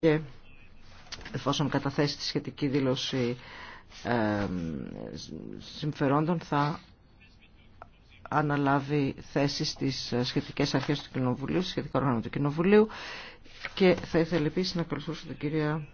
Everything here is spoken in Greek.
και εφόσον καταθέσει τη σχετική δήλωση ε, συμφερόντων θα αναλάβει θέση στις σχετικές αρχές του Κοινοβουλίου, σχετικά όργανα του Κοινοβουλίου και θα ήθελα επίσης να ακολουθούσε την κυρία